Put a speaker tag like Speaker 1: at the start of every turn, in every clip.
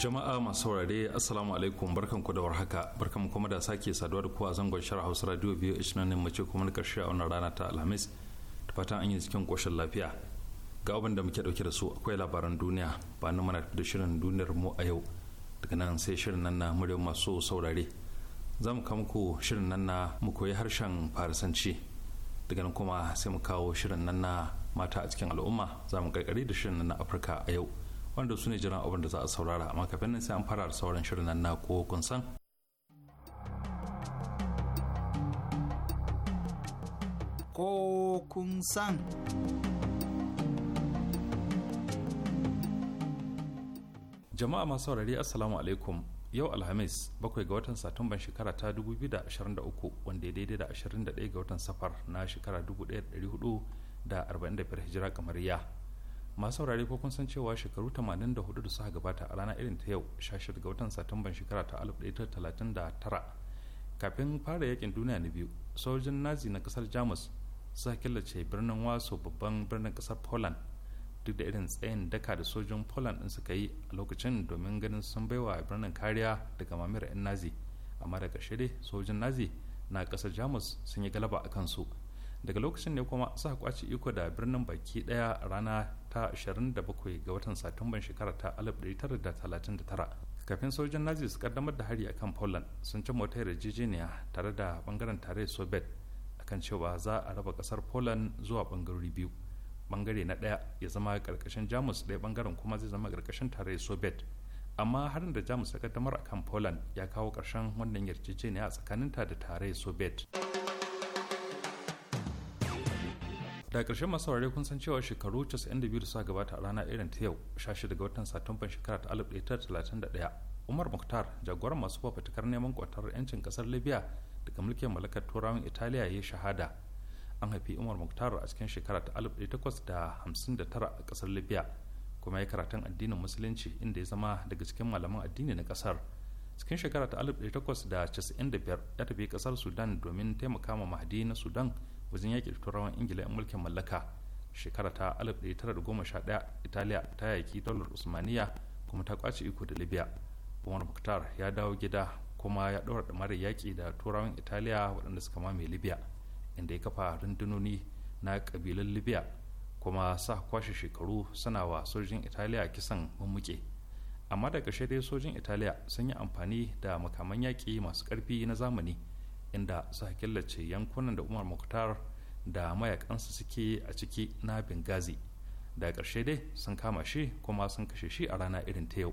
Speaker 1: jama'a masu saurare assalamu alaikum barkan ku da warhaka barkan kuma da sake saduwa da ku a zangon shara hausa radio biyu ishirin ne mace kuma na karshe a wannan rana ta alhamis da fatan an yi cikin koshin lafiya ga abin da muke dauke da su akwai labaran duniya ba na mana da shirin duniyar mu a yau daga nan sai shirin nan na muryar masu saurare za mu muku shirin nan na mu koyi harshen farisanci daga nan kuma sai mu kawo shirin nan na mata a cikin al'umma za mu da shirin nan na afirka a yau wanda su ne jiran abin da za a saurara amma kafin nan sai an fara sauran shirin nan na ko kun san
Speaker 2: ko kun san
Speaker 1: jama'a masu saurari assalamu alaikum yau alhamis bakwai ga watan satumban shekara ta 2023 wanda ya daidai da 21 ga watan safar na shekara 1445 hijira kamar ya masu saurare ko kun san cewa shekaru 84 da suka gabata a ranar irin ta yau 16 ga watan satumban shekara ta 1939 kafin fara yakin duniya na biyu sojin nazi na kasar jamus suka killace birnin wasu babban birnin kasar poland duk da irin tsayin daka da sojin poland din suka yi a lokacin domin ganin sun baiwa birnin kariya daga mamayar 'yan nazi amma daga shirye sojin nazi na kasar jamus sun yi galaba a kansu daga lokacin ne kuma suka kwace iko da birnin baki daya rana ta 27 ga watan satumban shekara ta 1939 kafin sojan nazi su kaddamar da hari akan poland sun ci mota yarjejeniya tare da bangaren tare soviet kan cewa za a raba kasar poland zuwa bangarori biyu bangare na daya ya zama karkashin jamus daya bangaren kuma zai zama karkashin tare soviet amma harin da jamus ta kaddamar akan poland ya kawo karshen wannan yarjejeniya tsakaninta da tare soviet da ƙarshen masu saurare kun san cewa shekaru 92 da suka gabata a rana irin ta yau 16 ga watan satumban shekara ta 1931 umar muktar jagoran masu fafatakar neman kwatar 'yancin kasar libya daga mulkin mallakar turawan italiya ya shahada an haifi umar muktar a cikin shekara ta 1859 a kasar libya kuma ya karatun addinin musulunci inda ya zama daga cikin malaman addini na kasar cikin shekara ta 1895 ya tafi kasar sudan domin taimaka ma mahdi na sudan wajen yaƙi turawan ingila 'yan mulkin mallaka shekara ta 1911 italiya ta yaƙi taular usmaniya kuma ta kwace iko da libya umar muktar ya dawo gida kuma ya ɗaura mara yaƙi da turawan italiya waɗanda suka mame libya inda ya kafa rundunoni na ƙabilun libya kuma sa kwashe shekaru suna wa sojin italiya kisan mummuke amma da dai sojin italiya sun yi amfani da makaman yaƙi masu ƙarfi na zamani inda suka killace yankunan da umar muktar da mayakansa suke a ciki na bengazi da ƙarshe dai sun kama shi kuma sun kashe shi a rana irin ta yau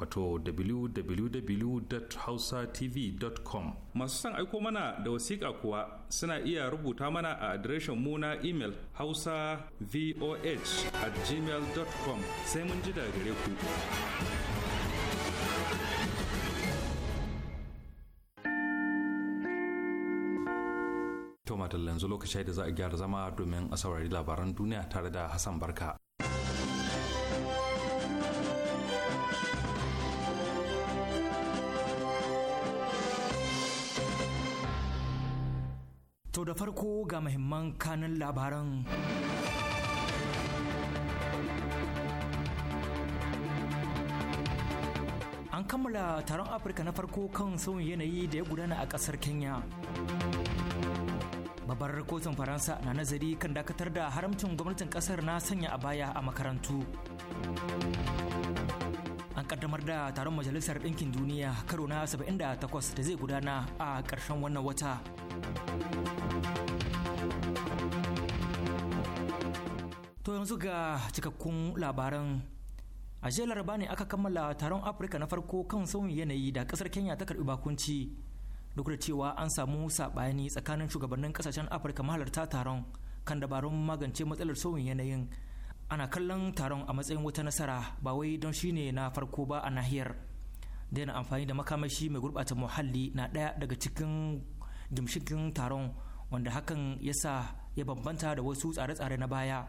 Speaker 1: wato www.hausatv.com masu son aiko mana da wasiƙa kuwa suna iya rubuta mana a adireshin mu na imel hausa voh at gmail.com sai mun ji daga gare ku Tomatar yanzu lokaci da za a gyara zama domin a saurari labaran duniya tare da hassan barka
Speaker 2: To da farko ga muhimman kanin labaran. An kammala taron Afirka na farko kan sauyin yanayi da ya gudana a ƙasar Kenya. Babbar kotun Faransa na nazari kan dakatar da haramcin gwamnatin ƙasar na sanya a baya a makarantu. kaddamar da taron majalisar ɗinkin duniya karo na 78 da zai gudana a ƙarshen wannan wata. To yanzu ga cikakkun labaran a jiya laraba ne aka kammala taron afirka na farko kan sauyin yanayi da ƙasar kenya ta karbi bakunci duk da cewa an samu saɓani tsakanin shugabannin ƙasashen afirka mahalarta taron kan dabarun magance matsalar sauyin yanayin ana kallon taron a matsayin wata nasara ba wai don shine na farko ba a nahiyar daina amfani da makamashi mai gurɓata muhalli na ɗaya daga cikin gimshikin taron wanda hakan ya sa ya bambanta da wasu tsare-tsare na baya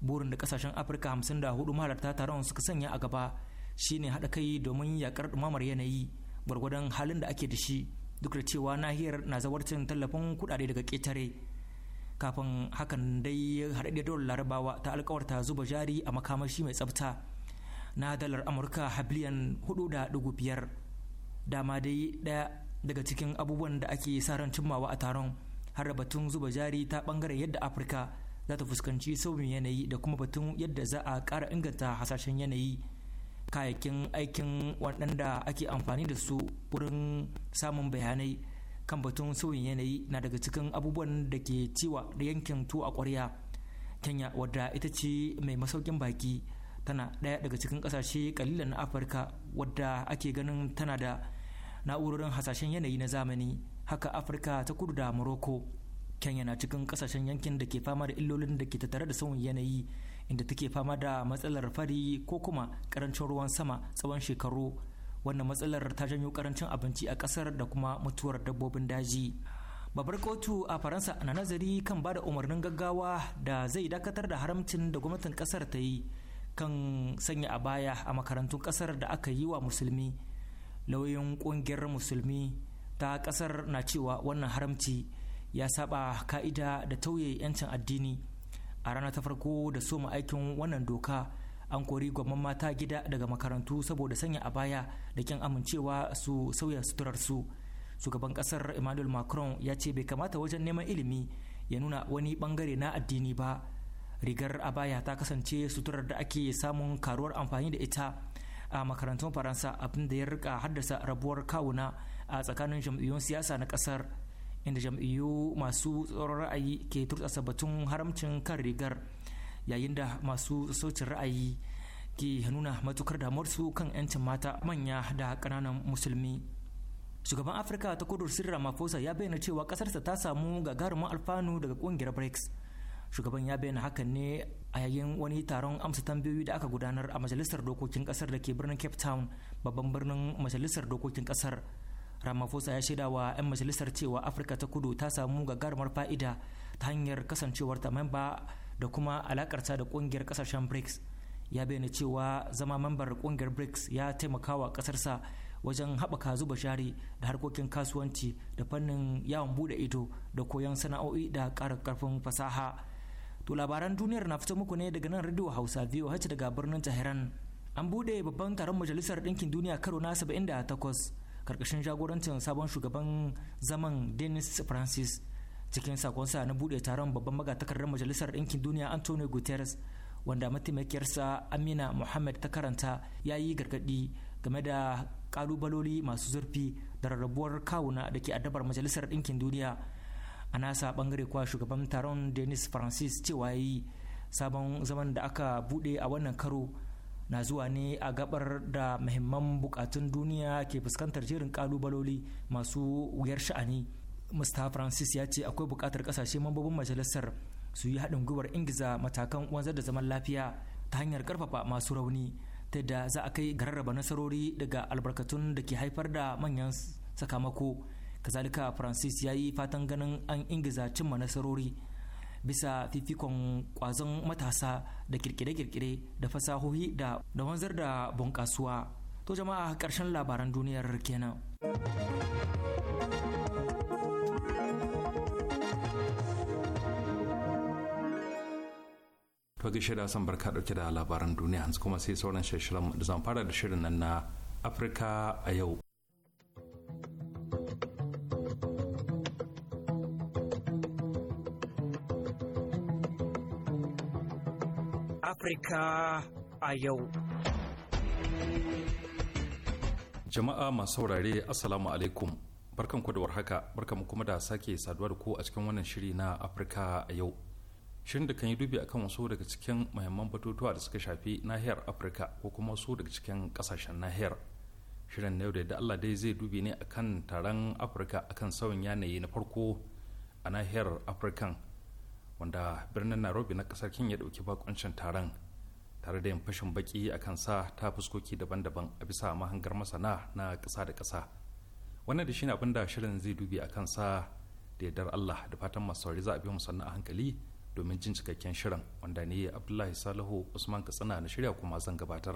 Speaker 2: burin da kasashen afirka 54 mahalarta taron suka sanya a gaba shine haɗa kai domin yakar ɗumamar yanayi gwargwadon halin da ake da shi duk da cewa nahiyar na zawarcin tallafin kuɗaɗe daga ƙetare kafin hakan dai ya haɗaɗɗiyar dole larabawa ta alkawarta zuba jari a makamashi mai tsafta na dalar amurka biliyan 4.5 dama dai ɗaya daga cikin abubuwan da ake sa ran cimmawa a taron har batun zuba jari ta ɓangaren yadda afirka za ta fuskanci sauyin yanayi da kuma batun yadda za a ƙara inganta hasashen yanayi kayakin aikin waɗanda ake amfani da su wurin samun bayanai kan batun sauyin yanayi na daga cikin abubuwan da ke ciwa da yankin tuwo a ƙwarya kenya wadda ita ce mai masaukin baki tana ɗaya daga cikin ƙasashe kalilan na afirka wadda ake ganin tana da na'urorin hasashen yanayi na zamani haka afirka ta kudu da morocco kenya na cikin ƙasashen yankin da ke fama da illolin da ke tattare da sauyin yanayi inda take fama da matsalar fari ko kuma ƙarancin ruwan sama tsawon shekaru wannan matsalar ta janyo karancin abinci a kasar da kuma mutuwar dabbobin daji babbar kotu a faransa na nazari kan bada umarnin gaggawa da zai dakatar da haramcin da gwamnatin kasar ta yi kan sanya a baya a makarantun kasar da aka yi wa musulmi lauyin kungiyar musulmi ta kasar na cewa wannan haramci ya saba ka'ida da tauye 'yancin addini a rana ta farko da soma aikin wannan doka an kori gwamnan mata gida daga makarantu saboda sanya a baya da kin amincewa su sauya suturar su shugaban kasar emmanuel macron ya ce bai kamata wajen neman ilimi ya nuna wani bangare na addini ba rigar a baya ta kasance suturar da ake samun karuwar amfani da ita a makarantun faransa abin da ya rika haddasa rabuwar kawuna a tsakanin jam'iyyun siyasa na kasar inda jam'iyyu masu tsoron ra'ayi ke turtsasa batun haramcin kan rigar yayin da masu saucin ra'ayi ke nuna matukar damuwarsu kan 'yancin mata manya da ƙananan musulmi shugaban afirka ta kudu sirri ramaphosa ya bayyana cewa ƙasarsa ta samu gagarumin alfanu daga ƙungiyar brics shugaban ya bayyana hakan ne a yayin wani taron amsa tambayoyi da aka gudanar a majalisar dokokin kasar da ke birnin cape town babban birnin majalisar dokokin ƙasar ramaphosa ya shaida wa 'yan majalisar cewa afirka ta kudu ta samu gagarumar fa'ida ta hanyar kasancewarta memba da kuma alakarta da kungiyar kasashen brics ya bayyana cewa zama mambar kungiyar brics ya taimaka wa kasarsa wajen haɓaka zuba shari da harkokin kasuwanci da fannin yawon buɗe ido da koyon sana'o'i da ƙara karfin fasaha to labaran duniyar na fito muku ne daga nan radio hausa biyu hace daga birnin tehran an buɗe babban taron majalisar ɗinkin duniya karo na 78 karkashin jagorancin sabon shugaban zaman denis francis cikin sakonsa na buɗe taron babban magatakardar majalisar ɗinkin duniya antonio guterres wanda mataimakiyarsa amina muhammad ta karanta ya yi gargaɗi game da ƙalubaloli masu zurfi da rarrabuwar kawuna da ke addabar majalisar ɗinkin duniya a nasa bangare kuwa shugaban taron denis francis cewa yi sabon zaman da aka buɗe a wannan karo na zuwa ne a gabar da muhimman bukatun duniya ke fuskantar jerin ƙalubaloli masu wuyar sha'ani mista francis ya ce akwai bukatar kasashe mambobin majalisar su yi haɗin gwiwar ingiza matakan wanzar da zaman lafiya ta hanyar ƙarfafa masu rauni ta da za a kai gararraba nasarori daga albarkatun da ke haifar da manyan sakamako kazalika francis ya yi fatan ganin an ingiza cimma nasarori bisa fifikon kwazon matasa da kirkire-kirkire da fasahohi da wanzar da bunƙasuwa to jama'a ƙarshen labaran duniyar kenan
Speaker 1: To ga da asan barka dauke da labaran duniya yanzu kuma sai sauran shirin da zan fara da shirin nan na Afirka a yau.
Speaker 2: Afirka a yau.
Speaker 1: Jama'a masu saurare Assalamu alaikum. barkan da haka barkanku kuma da sake saduwa da ku a cikin wannan shiri na Afirka a yau. shirin da kan yi dubi akan wasu daga cikin muhimman batutuwa da suka shafi nahiyar afirka ko kuma wasu daga cikin kasashen nahiyar shirin na yau da allah dai zai dubi ne akan taron afirka akan sauyin yanayi na farko a nahiyar afirkan wanda birnin nairobi na kasar kenya ya dauki bakoncin taron tare da yin fashin baki akan sa ta fuskoki daban-daban a bisa mahangar masana na kasa da kasa wannan da shine abin da shirin zai dubi akan sa da yardar allah da fatan masu saurari za a bi musanna a hankali domin jin cikakken shirin wanda ne abdullahi salihu usman katsina na shirya kuma zan gabatar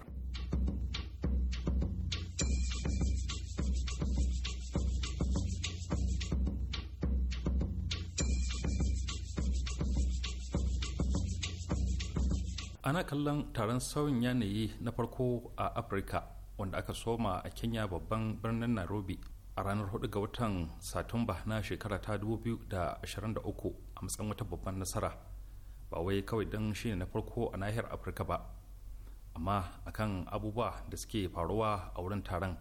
Speaker 1: ana kallon taron sauyin yanayi na farko a afirka wanda aka soma a kenya babban birnin nairobi a ranar 4 ga watan satumba na shekara ta 2023 a matsayin wata babban nasara ba wai kawai don shine na farko a nahiyar afirka ba amma akan abubuwa da suke faruwa a wurin taron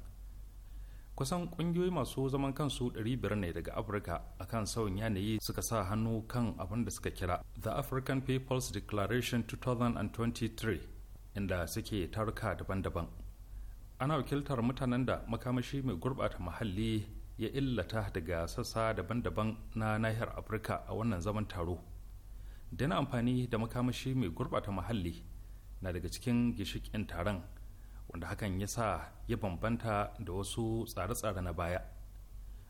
Speaker 1: kusan kungiyoyi masu zaman kansu 500 ne daga afirka akan sauyin yanayi suka sa hannu kan abin da suka kira the african people's declaration 2023 inda suke taruka daban-daban ana wakiltar mutanen da makamashi mai gurbata muhalli ya illata daga sassa daban-daban na nahiyar afirka a wannan zaman taro da amfani da makamashi mai gurbata muhalli na daga cikin gishikin taron wanda hakan ya sa ya bambanta da wasu tsare-tsare na baya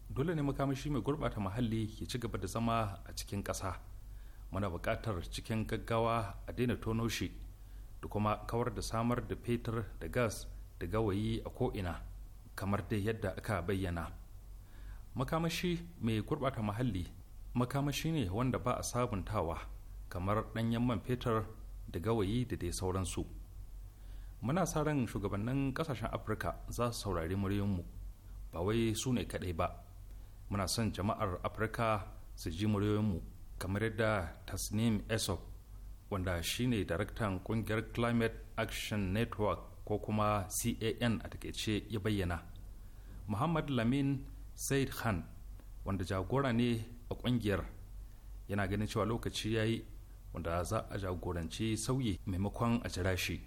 Speaker 1: dole ne makamashi mai gurbata muhalli ya ci gaba da zama a cikin ƙasa muna buƙatar cikin gaggawa a daina tono shi da kuma kawar da samar da fetur da gas da gawayi a ko'ina kamar dai yadda aka bayyana makamashi mai gurbata muhalli makamashi ne wanda ba a sabuntawa kamar ɗanyen man fetur da gawayi da dai sauransu muna sa ran shugabannin ƙasashen afirka za su saurari muryoyinmu ba wai su ne kaɗai ba muna son jama'ar afirka su ji muryoyinmu kamar yadda tasnim esop wanda shine daraktan ƙungiyar climate action network ko kuma can a takaice ya bayyana muhammad lamin said khan wanda jagora ne a ƙungiyar yana ganin cewa lokaci ya yi wanda za a jagoranci sauyi maimakon a jira shi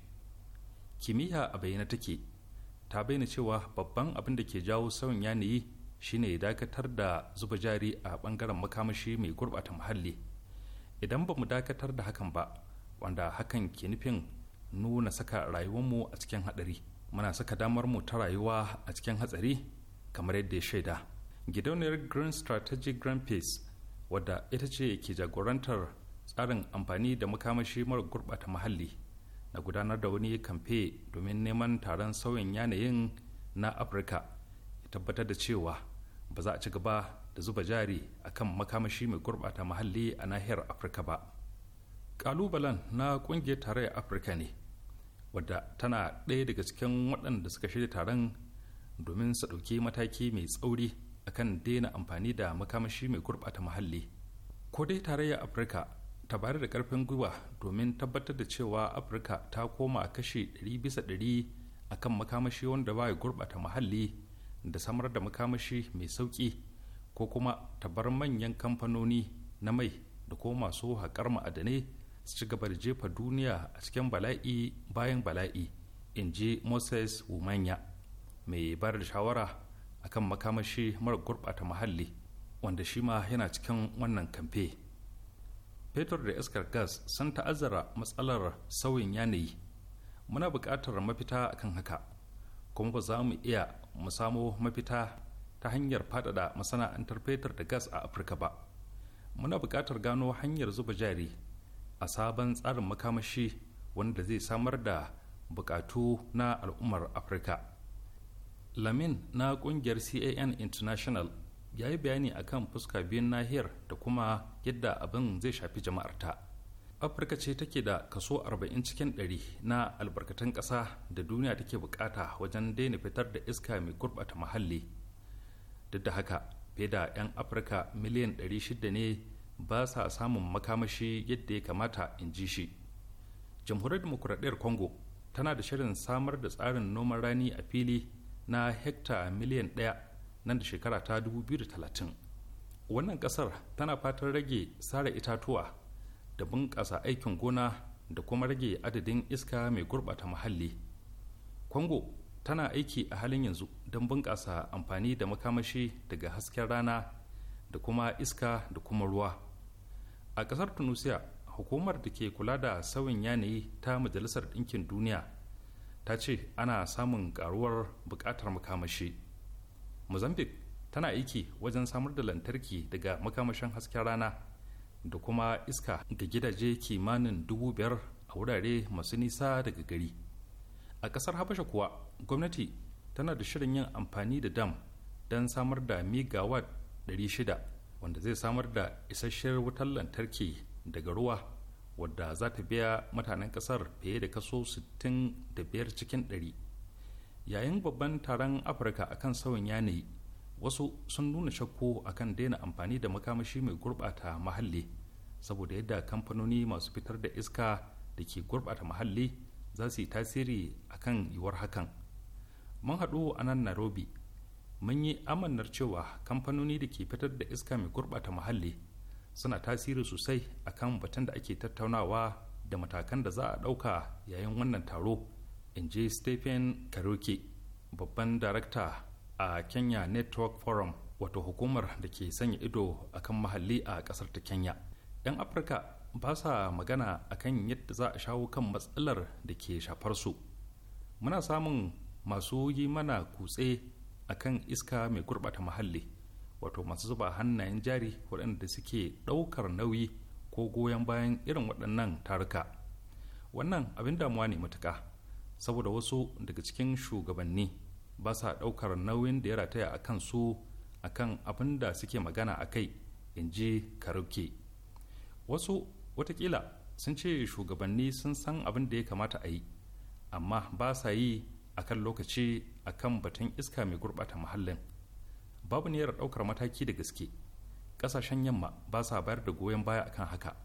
Speaker 1: kimiyya a bayyana take ta bayyana cewa babban abin da ke jawo sauyin yanayi shine dakatar da zuba jari a bangaren makamashi mai gurbata muhalli idan ba mu dakatar da hakan ba wanda hakan ke nufin nuna saka rayuwarmu a cikin hadari muna saka damar mu ta rayuwa a cikin hatsari kamar yadda ya shaida gidauniyar green strategic grand peace wadda ita ce ke jagorantar tsarin amfani da makamashi mara gurɓata muhalli na gudanar da wani kamfe domin neman taron sauyin yanayin na afirka ya tabbatar da cewa ba za a ci gaba da zuba jari a kan makamashi mai gurɓata muhalli a nahiyar afirka ba ƙalubalen na ƙungiyar tarayyar afirka ne wadda tana ɗaya daga cikin waɗanda suka shirya taron domin su ɗauki mataki mai tsauri akan daina amfani da makamashi mai gurɓata muhalli ko dai tarayyar afirka ta bayar da karfin gwiwa domin tabbatar da cewa afirka ta koma kashe 100% a kan makamashi wanda ba ya gurɓata muhalli da samar da makamashi mai sauƙi ko kuma ta bar manyan kamfanoni na mai da ko masu haƙar ma'adanai su ci gaba da jefa duniya a cikin bala'i bayan bala'i in ji moses wumanya mai bayar da shawara akan makamashi mara gurɓata muhalli wanda shi ma yana cikin wannan kamfe. fetur da iskar gas sun ta'azzara matsalar sauyin yanayi muna buƙatar mafita akan haka kuma ba za mu iya mu samo mafita ta hanyar faɗaɗa masana'antar fetur da gas a afirka ba muna buƙatar gano hanyar zuba jari a sabon tsarin makamashi wanda zai samar da buƙatu na al'ummar afirka lamin na ƙungiyar can international ya yi bayani akan fuska biyun nahiyar da kuma yadda abin zai shafi jama'arta afirka ce take da kaso 40 cikin 100 na albarkatun ƙasa da duniya take bukata wajen daina fitar da iska mai gurbata muhalli duk da haka fiye da 'yan afirka miliyan 600 ne ba sa samun makamashi yadda ya kamata in ji shi jamhuriyar demokuraɗiyar congo tana da shirin samar da tsarin noman rani a fili na hekta miliyan ɗaya nan da shekara ta 2030 wannan kasar tana fatan rage sare itatuwa da bunƙasa aikin gona da kuma rage adadin iska mai gurɓata muhalli kwango tana aiki a halin yanzu don bunƙasa amfani da makamashi daga hasken rana da kuma iska da kuma ruwa a ƙasar tunisia hukumar da ke kula da sauyin yanayi ta majalisar ɗinkin duniya ta ce ana samun karuwar buƙatar makamashi mozambique tana aiki wajen samar da lantarki daga makamashin hasken rana da kuma iska ga gidaje kimanin dubu biyar a wurare masu nisa daga gari a ƙasar habasha kuwa gwamnati tana da shirin yin amfani da dam don samar da megawatt shida wanda zai samar da isasshen wutar lantarki daga ruwa wadda za ta biya mutanen ƙasar fiye da kaso 65 cikin 100 yayin babban taron afirka akan sauyin yanayi wasu sun nuna shakku akan daina amfani da makamashi mai gurbata muhalli saboda yadda kamfanoni masu fitar da iska da ke gurbata muhalli za su yi tasiri akan yiwuwar hakan mun haɗu a nan nairobi mun yi amannar cewa kamfanoni da ke fitar da iska mai gurbata muhalli suna tasiri sosai akan batun da ake tattaunawa da matakan da za a ɗauka yayin wannan taro in ji stephen karoke babban darakta a kenya network forum wato hukumar da ke sanya ido akan mahalli a kasar ta kenya 'yan afirka ba sa magana a kan yadda za a shawo kan matsalar da ke shafar su muna samun masu yi mana kutse a kan iska mai gurbata muhalli wato masu zuba hannayen jari waɗanda suke ɗaukar nauyi ko goyon bayan irin waɗannan taruka wannan abin damuwa ne matuka saboda wasu daga cikin shugabanni ba sa ɗaukar nauyin da ya rataya a kan su a kan abin da suke magana a kai in ji karuke wasu watakila sun ce shugabanni sun san abin da ya kamata a yi amma ba sa yi a kan lokaci a kan batun iska mai gurɓata muhallin babu niyyar ɗaukar mataki da gaske ƙasashen yamma ba sa bayar da goyon baya akan haka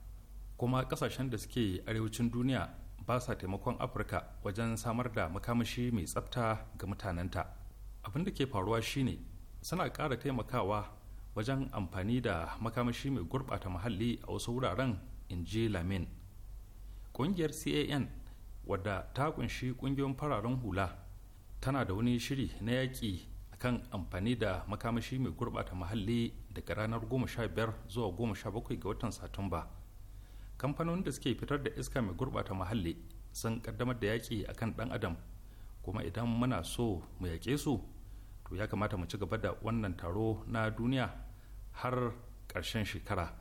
Speaker 1: kuma ƙasashen da suke arewacin duniya ba sa taimakon afirka wajen samar da makamashi mai tsafta ga mutanenta abin da ke faruwa shine suna ƙara taimakawa wajen amfani da makamashi mai gurɓata muhalli a wasu wuraren in ji lamin ƙungiyar can wadda ta kunshi ƙungiyoyin fararen hula tana da wani shiri na yaƙi kan amfani da makamashi mai gurɓata muhalli daga ranar 15 zuwa 17 ga watan satumba kamfanonin da suke fitar da iska mai gurɓata muhalli sun kaddamar da yaƙi a kan ɗan adam kuma idan muna so mu yaƙe su to ya kamata mu ci gaba da wannan taro na duniya har ƙarshen shekara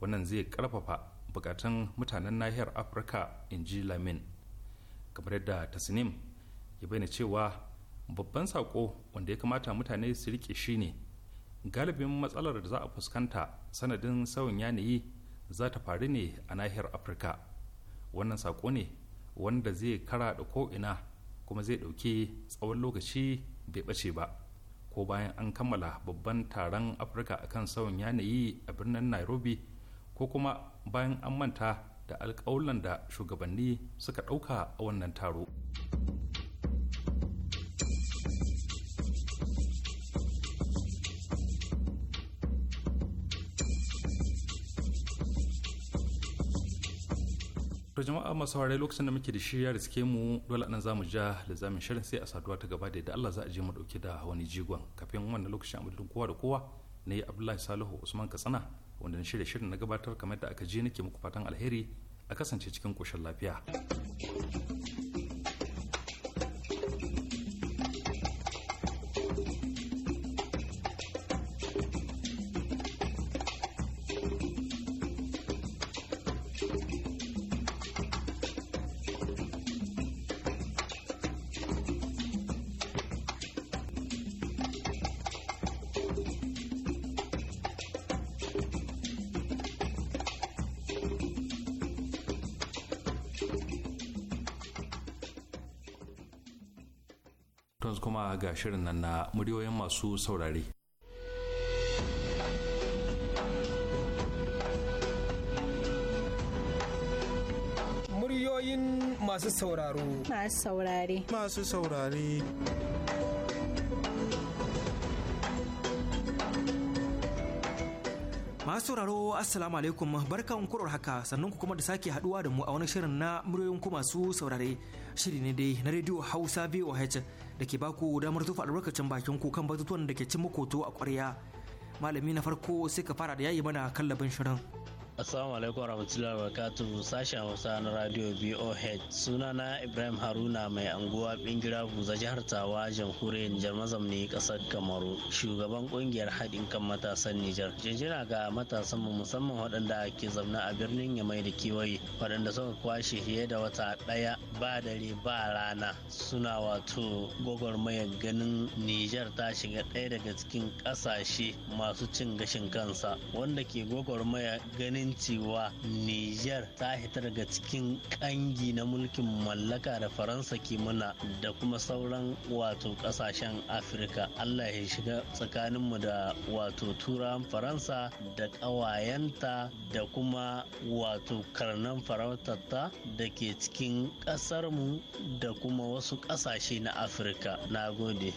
Speaker 1: wannan zai ƙarfafa bukatun mutanen nahiyar afirka in ji lamin kamar yadda tasnim ya bayyana cewa babban saƙo wanda ya kamata mutane su riƙe shine galibin matsalar da za a fuskanta sanadin sauyin yanayi za ta faru ne a nahiyar afirka wannan sako ne wanda zai kara da ko'ina kuma zai ɗauki tsawon lokaci bai ɓace ba ko bayan an kammala babban taron afirka kan sauyin yanayi a birnin nairobi ko kuma bayan an manta da alƙawulan da shugabanni suka ɗauka a wannan taro. to jama'a masu haurai lokacin da muke da shirya da suke mu dole nan zamu ja da lizamin shirin sai a saduwa ta gaba da yadda Allah za a je mu dauke da wani jigon kafin wannan lokacin a madadin kowa da kowa na yi Abdullahi Salihu Usman Katsina wanda na shirya shirin na gabatar kamar da aka je nake muku fatan alheri a kasance cikin koshin lafiya. yanzu kuma ga shirin nan na muryoyin masu saurare.
Speaker 3: Muryoyin masu sauraro.
Speaker 4: Masu saurare. Masu saurare.
Speaker 2: masu sauraro assalamu alaikum barkan kurar haka sannan ku kuma da sake haduwa da mu a wani shirin na muryoyin ku masu saurare shiri ne dai na rediyo hausa voh da ke baku damar tufa albarkacin bakin ku kan batutuwan da ke cin makoto a kwarya Malami na farko sai ka fara da yayi mana kallabin shirin.
Speaker 5: Assalamu alaikum warahmatullahi wabarakatuh sashen Hausa na Radio BOH. Suna na Ibrahim Haruna mai anguwa bingira buza jihar Tawa jamhuriyar Nijar mazamni kasar Kamaru. Shugaban kungiyar haɗin kan matasan Nijar. Jinjina ga matasan mu musamman waɗanda ke zamna a birnin Yamai da kewaye waɗanda suka kwashe fiye da wata ɗaya ba dare ba rana suna wato mai ganin Nijar ta shiga ɗaya daga cikin ƙasashe masu cin gashin kansa wanda ke gwagwarmaya ganin ganin cewa Nijar ta hita daga cikin kangi na mulkin mallaka da Faransa ke muna da kuma sauran wato kasashen Afirka. Allah ya shiga tsakaninmu da wato turan Faransa da ƙawayenta da kuma wato karnan farautarta da ke cikin ƙasarmu da kuma wasu ƙasashe na Afirka. Na gode.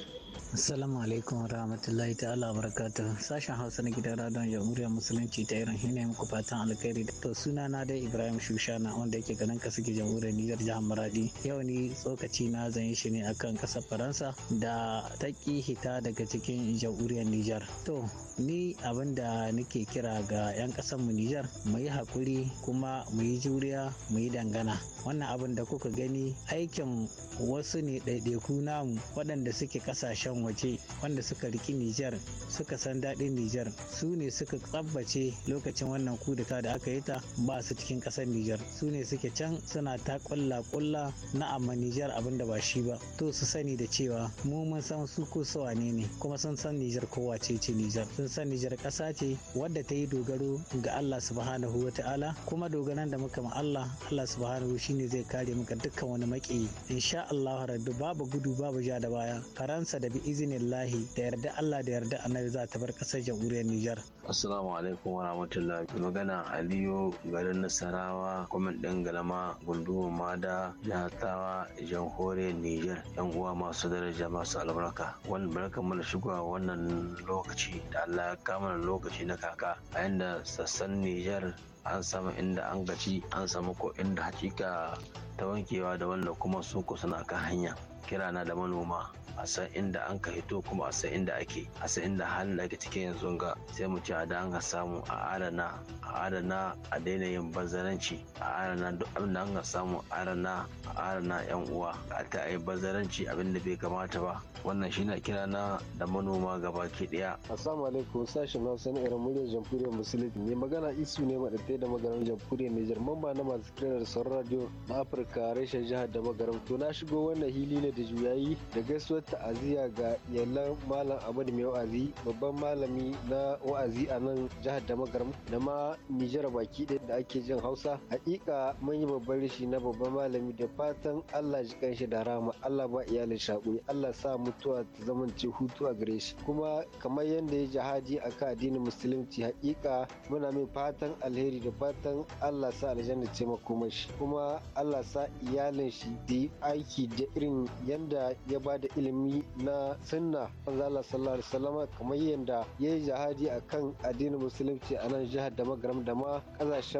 Speaker 6: Assalamu alaikum wa rahmatullahi ta'ala barakatu sashen Hausa na gidan radon jamhuriyar musulunci ta irin hina muku fatan alkhairi to suna na dai Ibrahim Shushana wanda yake ganin ka suke jamhuriyar Nijar jihar Maradi yau ni tsokaci na zan yi shi ne akan kasar Faransa da ta ki hita daga cikin jamhuriyar Nijar to ni abin da nake kira ga yan kasar mu Nijar mu yi hakuri kuma mu yi juriya mu yi dangana wannan abin da kuka gani aikin wasu ne ɗaiɗaiku namu waɗanda suke ƙasashen waje wanda suka riki Nijar suka san daɗin Nijar su ne suka tsabbace lokacin wannan kudeta da aka yi ta ba su cikin ƙasar Nijar su ne suke can suna ta ƙulla ƙulla na amma Nijar abin da ba shi ba to su sani da cewa mu mun san su ko su wane ne kuma sun san Nijar kowa ce ce Nijar sun san Nijar ƙasa ce wadda ta yi dogaro ga Allah subhanahu wa ta'ala kuma dogaran da muka ma Allah Allah subhanahu ne zai kare muka dukkan wani maƙiyi insha Allah babu gudu babu ja da baya Faransa da bi izinillahi da yarda Allah da yarda annabi za
Speaker 7: ta bar kasar jamhuriyar Nijar. Assalamu alaikum wa rahmatullahi magana Aliyu garin Nasarawa kwamin ɗin galama gunduma mada jihar Tawa jamhuriyar Nijar yan uwa masu daraja masu albarka wani barka mana shigowa wannan lokaci da Allah ya kama lokaci na kaka a yanda sassan Nijar an samu inda an gaci an samu ko inda hakika ta wankewa da wanda kuma su kusa na kan hanya kirana da manoma a san inda an ka hito kuma a san inda ake a san inda halin da ake cikin yanzu ga sai mu ci a da an ka samu a adana a adana a daina yin bazaranci a adana duk abin da an ka samu a adana a adana yan uwa a ta yi banzaranci abin da bai kamata ba wannan shi na kira na da manoma gaba ki daya.
Speaker 8: assalamu alaikum sashen hausa na irin muryar jamhuriyar musulunci ne magana isu ne madaddai da maganar jamhuriyar nijar mamba na masu kiran da sauran radio na afirka reshen jihar da magaram to na shigo wannan hili ne da juyayi da gaisuwar ta'aziyya ga yallan malam Ahmadu mai wa'azi babban malami na wa'azi a nan jihar Damagaram da ma Nijar baki ɗaya da ake jin Hausa. Haƙiƙa mun yi babban rishi na babban malami da fatan Allah ji kanshi da rama Allah ba iyalin shaƙuri Allah sa mutuwa ta zamance hutu a gare shi kuma kamar yadda ya jihadi a kan addinin musulunci hakika muna mai fatan alheri da fatan Allah sa aljanna ce makomar shi kuma Allah sa iyalin shi da aiki da irin yadda ya ba da ilimi ilimi na sunna Allah sallallahu alaihi wasallam kamar yadda ya yi jihadi akan addinin musulunci a nan jihar da magaram da ma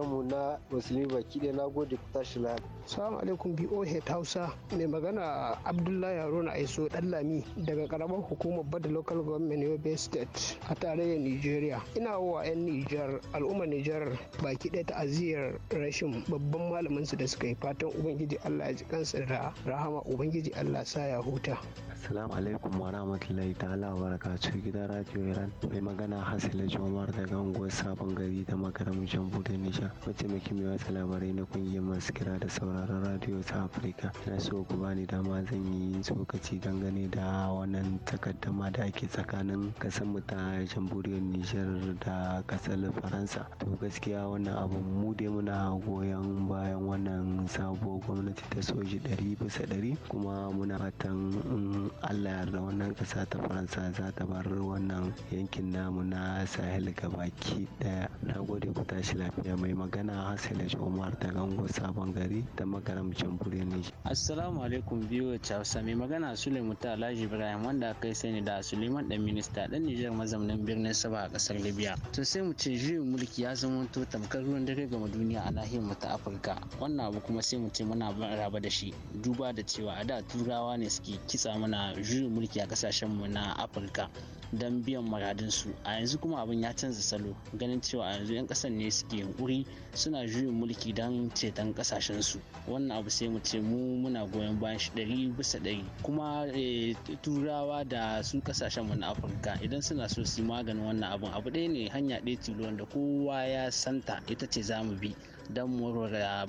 Speaker 8: mu na musulmi baki ɗaya na gode ku tashi na
Speaker 3: Assalamu alaikum boh hausa mai magana abdullahi haruna aiso danlami daga karamar hukumar bada local government yobe state a tarayyar nigeria ina wa 'yan nijar al'ummar nijar baki ɗaya ta'aziyar rashin babban malamin su da suka yi fatan ubangiji allah ya ji kansa da rahama ubangiji allah sa ya huta Assalamu alaikum wa rahmatullahi ta'ala wa barakatuh gidan Radio Iran. Mai magana Hasila Jomar daga unguwar Sabon Gari ta makarar Jamhuriyar Nijar. Mataimakin mai wata labarai na kungiyar masu kira da sauraron radio ta Afirka. Na so ku bani dama zan yi tsokaci dangane da wannan takaddama da ake tsakanin kasar mu ta Jamhuriyar Nijar da kasar Faransa. To gaskiya wannan abu mu dai muna goyon bayan wannan sabuwar gwamnati ta soji ɗari bisa ɗari kuma muna fatan allah yarda wannan kasa ta faransa za ta bar wannan yankin namu na sahel gabaki daya na gode ku tashi lafiya mai magana hasila umar ta gango sabon gari ta makaramcin birni
Speaker 9: assalamu alaikum biyu hausa mai magana sule muta alhaji ibrahim wanda aka yi sani da suleiman dan minista dan nijar mazaunin birnin saba a kasar libya to sai mu ce juyin mulki ya zama to tamkar ruwan dare ga duniya a nahiyar mu ta afirka wannan abu kuma sai mu ce muna raba da shi duba da cewa a da turawa ne suke kitsa mana juyin mulki a kasashen mu na afirka don biyan muradinsu a yanzu kuma abin ya canza salo ganin cewa a yanzu 'yan kasan ne suke yunkuri suna juyin mulki don ceton kasashensu wannan abu sai mu ce mu muna goyon bayan shi ɗari bisa ɗari kuma eh, turawa da su kasashenmu na afirka idan suna so su maganin wannan abin abu ɗaya ne hanya ɗaya tilo wanda kowa ya santa ita ce za mu bi don mu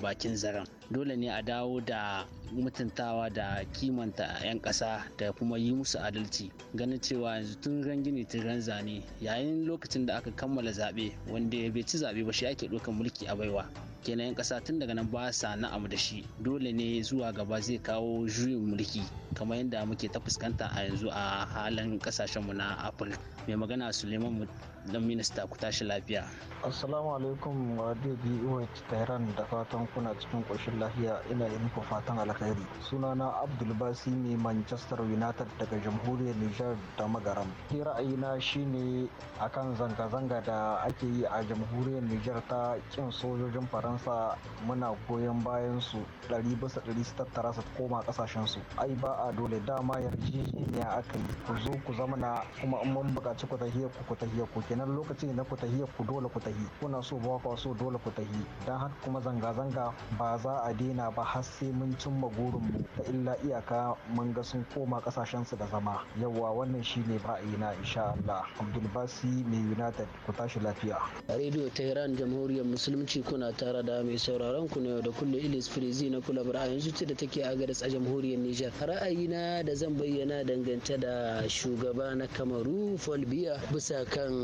Speaker 9: bakin zaren dole ne a dawo da mutuntawa da kimanta 'yan kasa da kuma yi musu adalci ganin cewa yanzu tun ran gini tun ran zane yayin lokacin da aka kammala zaɓe wanda bai ci zaɓe ba shi ake ɗaukar mulki a baiwa kenan 'yan ƙasa tun daga nan ba sa na abu da shi dole ne zuwa gaba zai kawo juyin mulki kamar yadda muke ta fuskanta a yanzu a halin ƙasashenmu na afirka mai magana suleiman dan minista ku tashi lafiya
Speaker 8: assalamu alaikum radio biyu tairan da fatan kuna cikin ƙoshin lafiya ina yi muku fatan alkhairi sunana abdul basi ne manchester united daga jamhuriyar niger da magaram ke ra'ayina shine akan zanga-zanga da ake yi a jamhuriyar niger ta kin sojojin faransa muna goyon bayan su ɗari bisa ɗari su tattara su koma ƙasashen su ai ba a dole dama yarjejeniya aka yi ku zo ku na kuma in mun buƙaci ku tahiyar ku ku tahiyar ku kenan lokaci na ku tahiyar ku dole ku tahi kuna so ba ku so dole ku tahi dan haka kuma zanga-zanga ba za a a daina ba har sai mun cimma burinmu da illa iyaka mun ga sun koma kasashensu da zama yawwa wannan shine yi na insha Allah Abdulbasi mai United ku tashi lafiya
Speaker 7: Radio Tehran Jamhuriyar Musulunci kuna tara da mai sauraron ku na yau da kullum Ilis Frizi na kula ra'ayin zuci da take a garis a Jamhuriyar Nijar ra'ayina da zan bayyana dangance da shugaba na Kamaru Folbiya bisa kan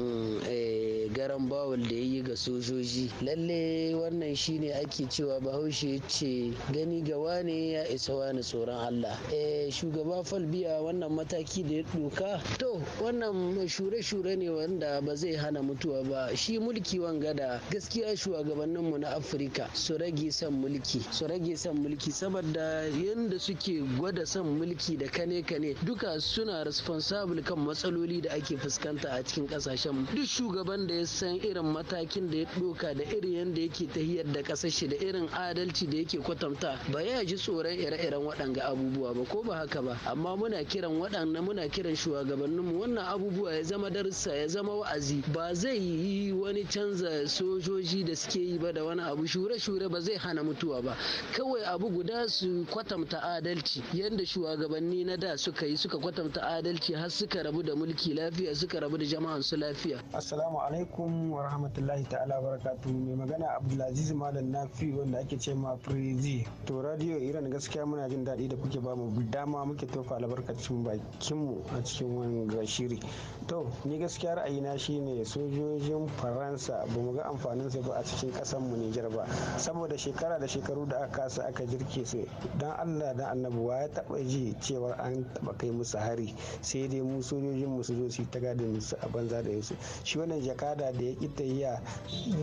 Speaker 7: eh, garan bawul da yayi ga sojoji lalle wannan shine ake cewa bahaushe ce gani ga wane ya isa wani tsoron Allah eh shugaba falbiya wannan mataki da ya doka to wannan shure-shure ne wanda ba zai hana mutuwa ba shi mulki wangada, da gaskiya shugabanninmu na afirka su rage son mulki su rage son mulki saboda yadda suke gwada son mulki da kane-kane duka suna responsible kan matsaloli da ake fuskanta a cikin kasashen duk shugaban da ya san irin matakin da ya doka da irin yadda yake tahiyar da kasashe da irin adalci da yake kwatanta ba ya ji tsoron ire-iren waɗanga abubuwa ba ko ba haka ba amma muna kiran waɗannan muna kiran shugabannin mu wannan abubuwa ya zama darussa ya zama wa'azi ba zai yi wani canza sojoji da suke yi ba da wani abu shure-shure ba zai hana mutuwa ba kawai abu guda su kwatanta adalci yadda shugabanni na da suka yi suka kwatanta adalci har suka rabu da mulki lafiya suka rabu da jama'an su
Speaker 3: lafiya assalamu alaikum wa rahmatullahi ta'ala barakatuhu mai magana abdulaziz malam nafi wanda ake ce ma prezi to radio iran gaskiya muna jin daɗi da kuke ba mu dama muke tofa albarkacin bakinmu a cikin wani shiri to ni gaskiya ra'ayina shine sojojin faransa ba mu ga amfanin su ba a cikin mu nijar ba saboda shekara da shekaru da aka kasa aka jirke su dan allah da annabuwa ya taba ji cewa an taba kai musu hari sai dai mu sojojin mu su zo su ta gadin su a banza da yasu shi wannan jakada da ya kitayya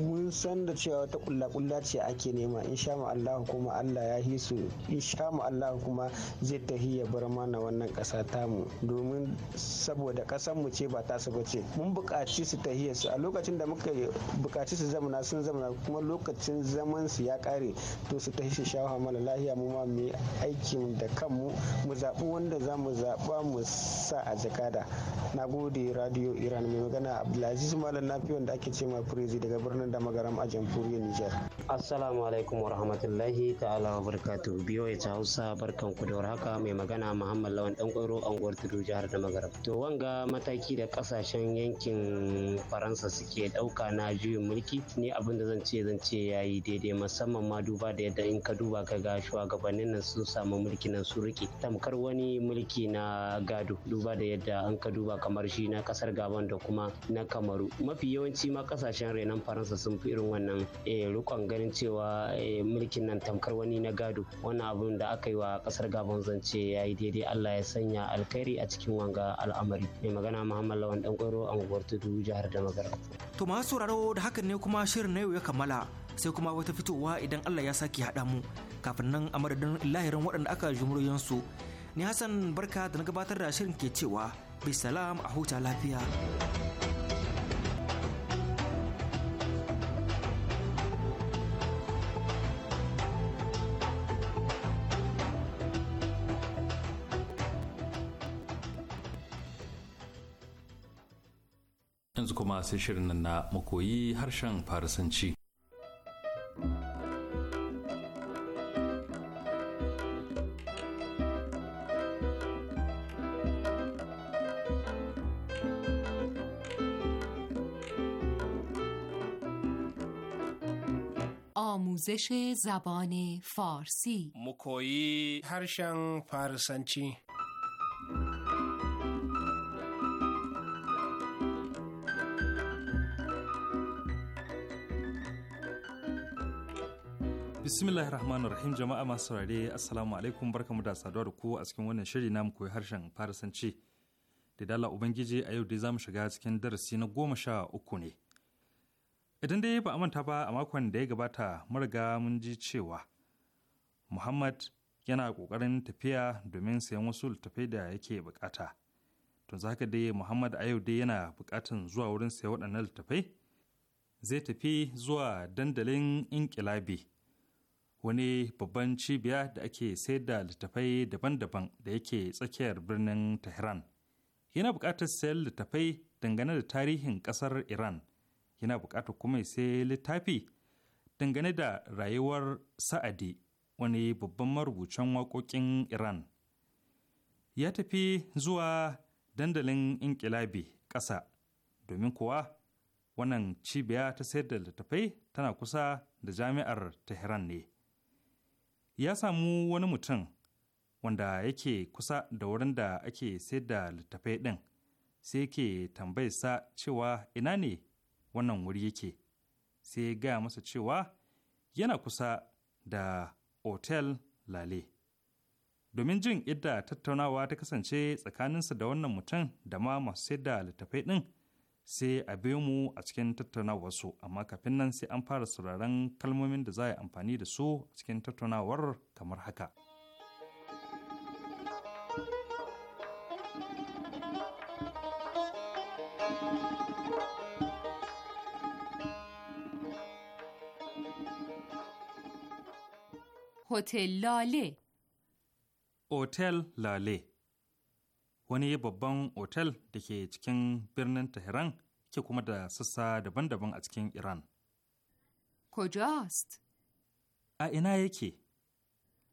Speaker 3: mun san da cewa ta kulla-kulla ce ake nema in allah Allah kuma Allah ya yi su insha mu Allah kuma zai tahiya ya bar mana wannan ƙasa tamu domin saboda ƙasar mu ce ba ta tasu ba ce mun buƙaci su tahiya su a lokacin da muka bukaci su zamana sun zamana kuma lokacin zaman su ya kare to su tahi su shawo mana lahiya mu ma mu aikin da kanmu mu zaɓi wanda za mu zaɓa mu sa a jakada na gode radio iran mai magana abdulaziz malam nafi wanda ake ce ma daga birnin damagaram a jamhuriyar nijar.
Speaker 5: assalamu
Speaker 9: alaikum wa rahmatullahi rahmatullahi ta'ala wa barkatu biyo ya ta hausa barkan ku da haka mai magana muhammad lawan dan kwaro gwar tudu jihar da magarab to wanga mataki da kasashen yankin faransa suke dauka na juyin mulki ne abin da zan ce zan ce yayi daidai musamman ma duba da yadda in ka duba ka ga shugabannin nan sun samu mulki nan su rike tamkar wani mulki na gado duba da yadda an ka duba kamar shi na kasar gabon da kuma na kamaru mafi yawanci ma kasashen renon faransa sun fi irin wannan eh, rikon ganin cewa eh, mulkin wannan tamkar wani na gado wannan abun da aka yi wa kasar gabon zance ya yi daidai
Speaker 2: allah ya sanya alkhairi a cikin wanga al'amari mai magana muhammad lawan dan kwaro a unguwar tudu jihar da to masu sauraro da hakan ne kuma shirin na yau ya kammala sai kuma wata fitowa idan allah ya sake haɗa mu kafin nan a madadin lahirin waɗanda aka jumuriyansu ni hassan barka da na gabatar da shirin ke cewa bisalam a huta lafiya
Speaker 1: kuma sai shirin nan na makoyi harshen farisanci
Speaker 10: آموزش زبان فارسی
Speaker 8: مکویی هرشن فارسنچی
Speaker 1: Bismillahir Rahmanir Rahim jama'a masu saurare Assalamu alaikum barkamu da saduwa da ku a cikin wannan shiri namu koyi harshen Farisanci. Da dala Ubangiji a yau dai za mu shiga cikin darasi na goma sha uku ne. Idan dai ba a manta ba a makon da ya gabata mun riga mun ji cewa Muhammad yana kokarin tafiya domin sayan wasu littattafai da yake bukata. To za ka dai Muhammad a yau dai yana bukatan zuwa wurin sayan waɗannan littattafai? Zai tafi zuwa dandalin Inkilabi. wani babban cibiya da ake sayar da littattafai daban-daban da yake tsakiyar birnin Tehran. Yana buƙatar sayar littattafai dangane da tarihin ƙasar Iran. Yana buƙatar kuma ya sai littafi dangane da rayuwar Sa'adi, wani babban marubucin waƙoƙin Iran. Ya tafi zuwa dandalin inkilabi ƙasa, domin kuwa wannan cibiya ta sayar da littafai tana kusa da jami'ar Tehran ne. ya samu wani mutum wanda yake kusa da wurin da ake sayar da littafai ɗin sai yake tambayarsa cewa ina ne wannan wuri yake sai ya gaya masa cewa yana kusa da otel lale domin jin yadda tattaunawa ta kasance tsakaninsa da wannan mutum da ma masu sayar da littafai ɗin sai a biyo mu a cikin tattaunawar su amma kafin nan sai an fara sauraron kalmomin da za a yi amfani da su a cikin tattaunawar kamar haka.
Speaker 10: Hotel lale
Speaker 1: Hotel Lale wani babban otel da ke cikin birnin Tehran ke kuma da sassa daban-daban a cikin Iran.
Speaker 10: Kojost?
Speaker 1: A ina yake?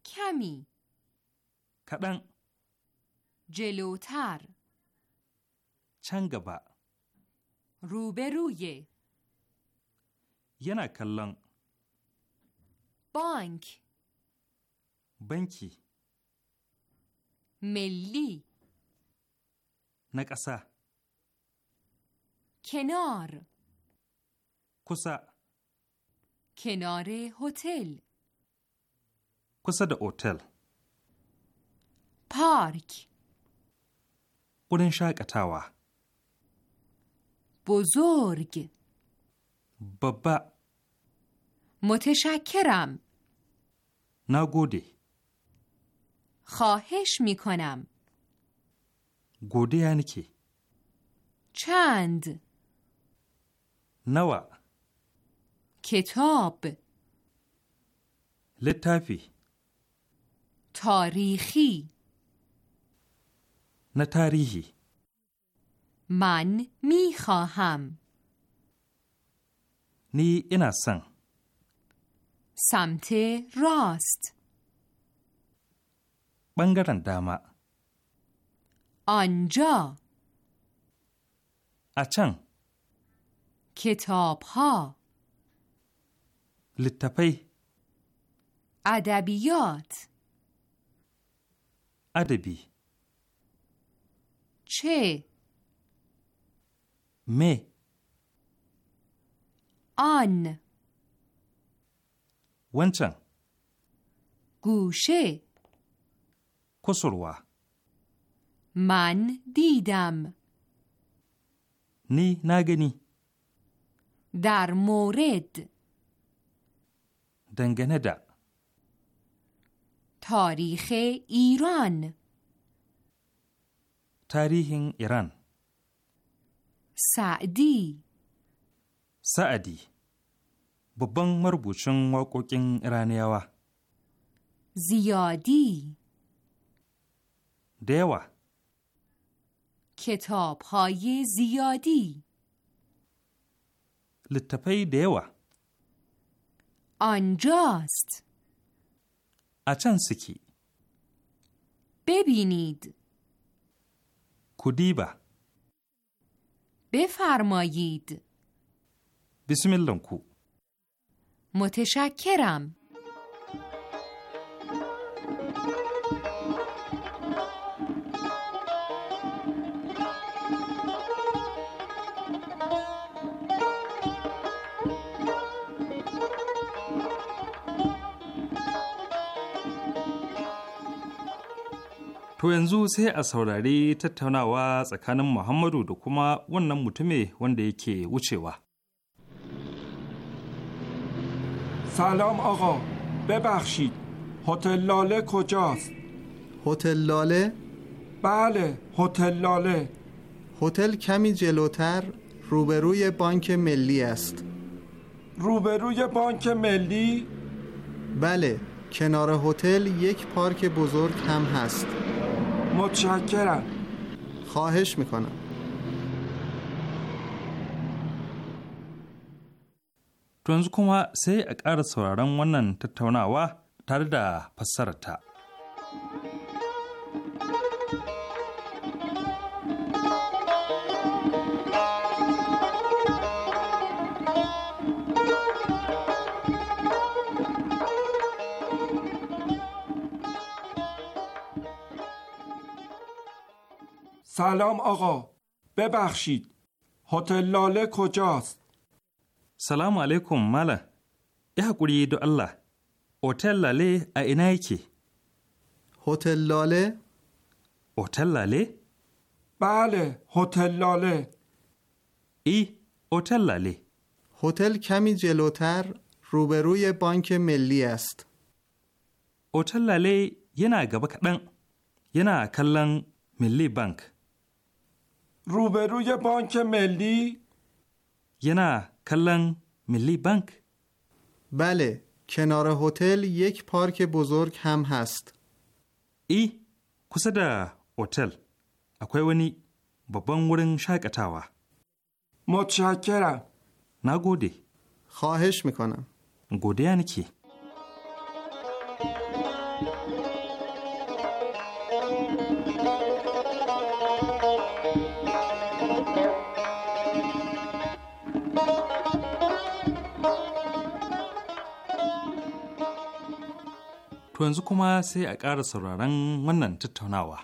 Speaker 10: Kami. Kaɗan. Jelotar. Can gaba. Ruberuye.
Speaker 1: Yana kallon. Bank. Banki.
Speaker 10: Melli. نکسه کنار kusa کنار هتل
Speaker 1: kusa در هتل.
Speaker 10: پارک
Speaker 1: wurin shakatawa
Speaker 10: بزرگ بابا متشکرم
Speaker 1: نگودی
Speaker 10: خواهش می کنم
Speaker 1: گوده یعنی کی؟
Speaker 10: چند نوا کتاب
Speaker 1: لطفی
Speaker 10: تاریخی
Speaker 1: نه
Speaker 10: من می خواهم نی این سمت راست
Speaker 1: بنگرن دامه
Speaker 10: آنجا اچن کتاب ها
Speaker 1: لطفی
Speaker 10: ادبیات ادبی چه می آن ونچن گوشه کسروا من دیدم
Speaker 1: نی نگنی
Speaker 10: در مورد
Speaker 1: دنگنه دا
Speaker 10: تاریخ ایران
Speaker 1: تاریخ ایران
Speaker 10: سعدی
Speaker 1: سعدی babban marubucin waƙoƙin Iraniyawa.
Speaker 10: Ziyadi Da yawa کتاب های زیادی
Speaker 1: لطفه دیوه
Speaker 10: آنجاست
Speaker 1: اچن سکی
Speaker 10: ببینید کدیبه بفرمایید
Speaker 1: بسم الله کو
Speaker 10: متشکرم
Speaker 1: تو yanzu sai a saurari tattaunawa tsakanin Muhammadu da kuma wannan mutume wanda yake wucewa.
Speaker 8: سلام آقا
Speaker 4: ببخشید هتل لاله کجاست؟ هتل لاله؟ بله هتل لاله هتل کمی جلوتر روبروی بانک ملی است روبروی بانک ملی؟ بله کنار هتل یک پارک بزرگ هم هست متشکرم خواهش میکنم
Speaker 1: To yanzu kuma sai a ƙara sauraron wannan tattaunawa tare da ta. سلام آقا ببخشید هتل لاله کجاست سلام علیکم مالا ای حقوری دو الله هتل لاله اینه که؟ هتل لاله
Speaker 4: هتل لاله بله هتل لاله ای هتل لاله هتل کمی جلوتر روبروی بانک ملی است
Speaker 1: هتل لاله یه گبا کدن ینا کلن ملی بانک روبروی بانک ملی؟
Speaker 4: یه نه کلن ملی بانک بله کنار هتل یک پارک بزرگ هم هست ای کسه
Speaker 1: هتل اکوی ونی بانگورن شاک شاکتاوا متشکرم
Speaker 4: نگودی خواهش میکنم گودی یعنی کی؟
Speaker 1: To yanzu kuma sai a ƙara sauraron wannan tattaunawa.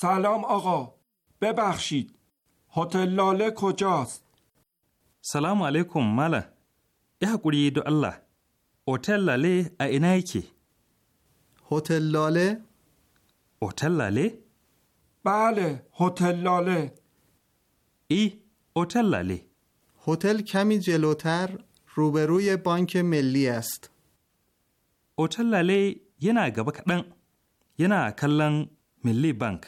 Speaker 8: سلام آقا
Speaker 1: ببخشید هتل لاله کجاست سلام علیکم مله yi haƙuri do Allah, Hotel Lale a ina yake?
Speaker 4: Hotel Lale? Hotel Lale? Bale, Hotel Lale. I, Hotel Lale. Hotel kami jelotar روبروی بانک ملی است. اوتل لاله yana
Speaker 1: گبک دن. ینا کلن ملی بانک.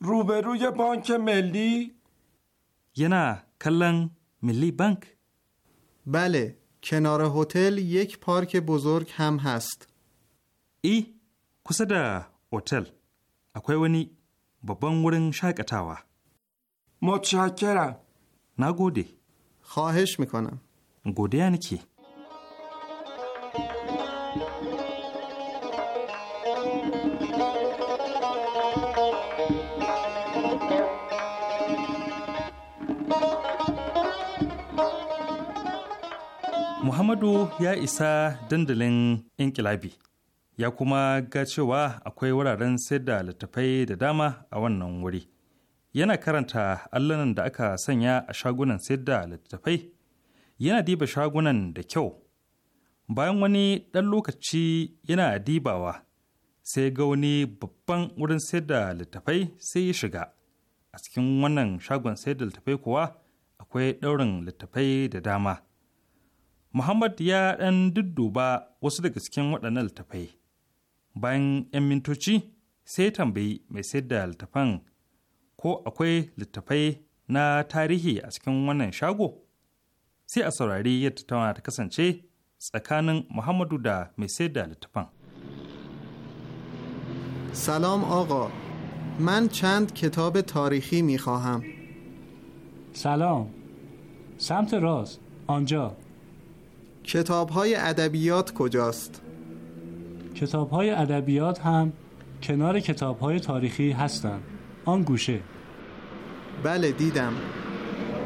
Speaker 4: روبروی بانک ملی ینا کلن ملی بانک. بله، کنار هتل یک پارک بزرگ هم هست. ای، کوسه هتل؟ اکوی ونی با بانگورن
Speaker 1: شاک متشکرم. نا گوده. خواهش
Speaker 4: میکنم. گوده یعنی
Speaker 1: muhammadu ya isa dandalin inkilabi ya kuma ga cewa akwai wuraren sayar da littattafai da dama a wannan wuri yana karanta allanan da aka sanya a shagunan sayar da littattafai yana diba shagunan da kyau bayan wani ɗan lokaci yana dibawa sai ga wani babban wurin sayar da littattafai sai ya shiga a cikin wannan shagon sayar da littattafai kuwa akwai ɗaurin littattafai da dama Muhammad ya ɗan dudduba wasu daga cikin waɗannan littafai. Bayan 'yan mintoci sai tambayi mai sayar da littafan ko akwai littafai na tarihi a cikin wannan shago? Sai a saurari yadda tattauna ta kasance tsakanin Muhammadu da mai sayar da littafan.
Speaker 4: سلام آقا من چند کتاب تاریخی می خواهم سلام سمت راست
Speaker 11: آنجا کتاب های ادبیات کجاست؟ کتاب های ادبیات هم کنار کتاب های تاریخی هستند. آن گوشه. بله دیدم.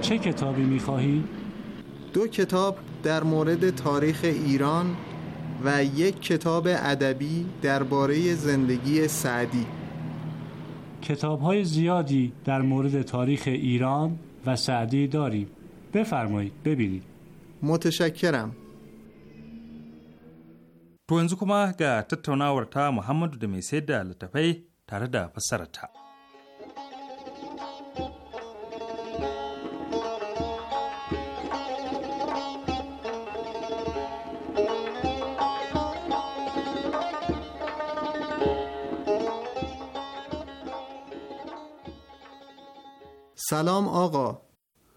Speaker 11: چه کتابی میخواهی؟
Speaker 4: دو کتاب در مورد تاریخ ایران و یک کتاب ادبی درباره زندگی سعدی.
Speaker 11: کتاب های زیادی در مورد تاریخ ایران و سعدی داریم. بفرمایید ببینید. متشکرم. To yanzu kuma ga
Speaker 1: tattaunawar ta Muhammadu da mai sayar da littafai tare da fassararta.
Speaker 4: سلام آقا